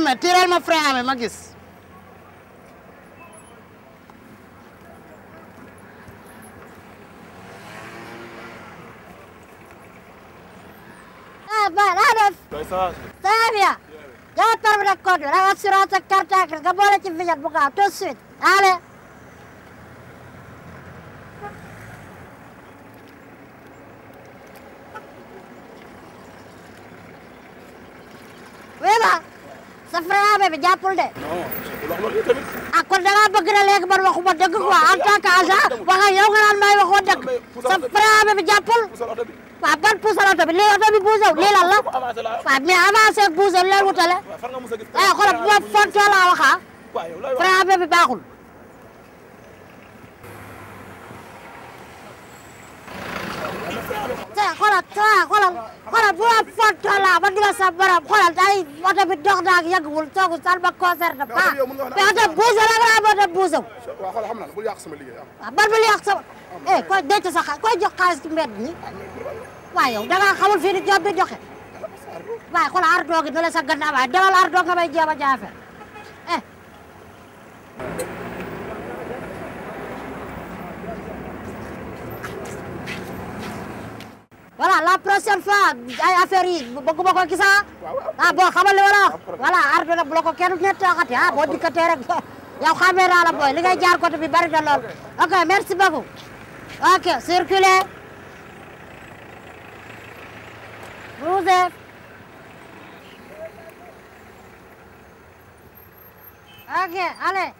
Ahmed tiiral ma frein Ahmed ma gis ah, baax naa def saaf ya jaa permis de conduire ak assurance ak carte grise nga boole ci vignette bu gaaw tout de suite allez sa frère bi jàppul de. ah kon da ngaa bëgg na léegi man waxuma dëgg quoi en tant que agent wax ak yow nga naan may bi jàppul. waaw ban puusal oto bi lii oto bi puusaw lii lan la waaw mais avancé ak puusaw leen wutale eh xoolal bu ma fontoo ah. bi baaxul. xoolal taa xoolal xoolal bu ma fontoo laa ba dugal sa borom xoolal day oto bi dox naa yënguwul toogu sal ba concert na baax mais oto buusa la nga oto buusa waaw xoolal xam naa bul yàq sama liggéey waaw ah. ah, man bul yàq sama eh koy denc sa xaalis koy jox xaalis ci mbedd ni waaw yow da nga xamul fii ni job bi joxe waaye la sa gannaaw nga may jéem a jaafee eh. voilà la prochaine fois ay affaire yi bëgguma boo ah, xamal li ma la wax voilà arrêté nag bu la ah, boo dikkatee rek yow xamee naa la booy jaar côté bi bari na ok merci beaucoup ok circulez bougez ok allez